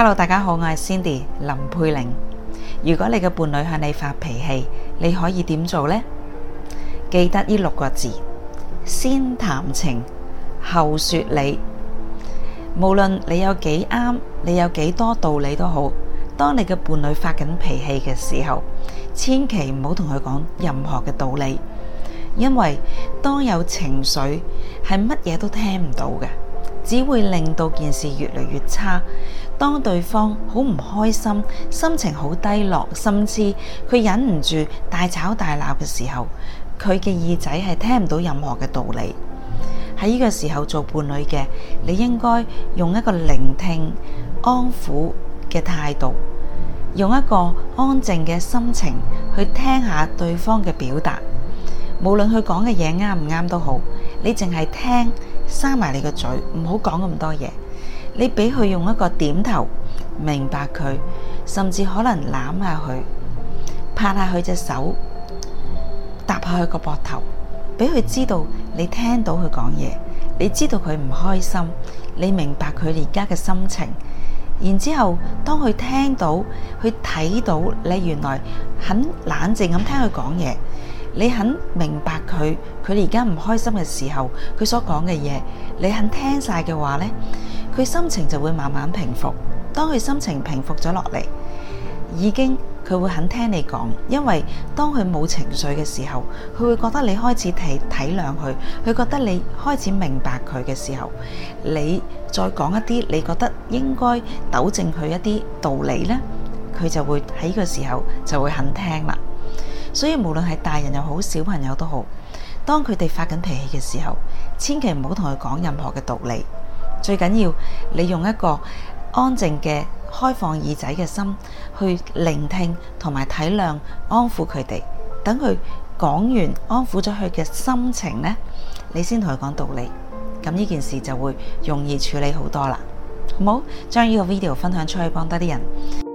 Hello，大家好，我係 Cindy 林佩玲。如果你嘅伴侶向你發脾氣，你可以點做呢？記得呢六個字：先談情後說理。無論你有幾啱，你有幾多，多道理都好。當你嘅伴侶發緊脾氣嘅時候，千祈唔好同佢講任何嘅道理，因為當有情緒係乜嘢都聽唔到嘅。只會令到件事越嚟越差。當對方好唔開心，心情好低落，甚至佢忍唔住大吵大鬧嘅時候，佢嘅耳仔係聽唔到任何嘅道理。喺呢個時候做伴侶嘅，你應該用一個聆聽、安撫嘅態度，用一個安靜嘅心情去聽下對方嘅表達。無論佢講嘅嘢啱唔啱都好，你淨係聽。閂埋你個嘴，唔好講咁多嘢。你俾佢用一個點頭，明白佢，甚至可能攬下佢，拍下佢隻手，搭下佢個膊頭，俾佢知道你聽到佢講嘢，你知道佢唔開心，你明白佢而家嘅心情。然之後，當佢聽到，佢睇到你原來很冷靜咁聽佢講嘢。你肯明白佢，佢而家唔開心嘅時候，佢所講嘅嘢，你肯聽晒嘅話咧，佢心情就會慢慢平復。當佢心情平復咗落嚟，已經佢會肯聽你講，因為當佢冇情緒嘅時候，佢會覺得你開始體體諒佢，佢覺得你開始明白佢嘅時候，你再講一啲你覺得應該糾正佢一啲道理咧，佢就會喺呢個時候就會肯聽啦。所以無論係大人又好，小朋友都好，當佢哋發緊脾氣嘅時候，千祈唔好同佢講任何嘅道理。最緊要你用一個安靜嘅、開放耳仔嘅心去聆聽同埋體諒、安撫佢哋。等佢講完，安撫咗佢嘅心情呢，你先同佢講道理。咁呢件事就會容易處理好多啦，好唔好？將呢個 video 分享出去，幫多啲人。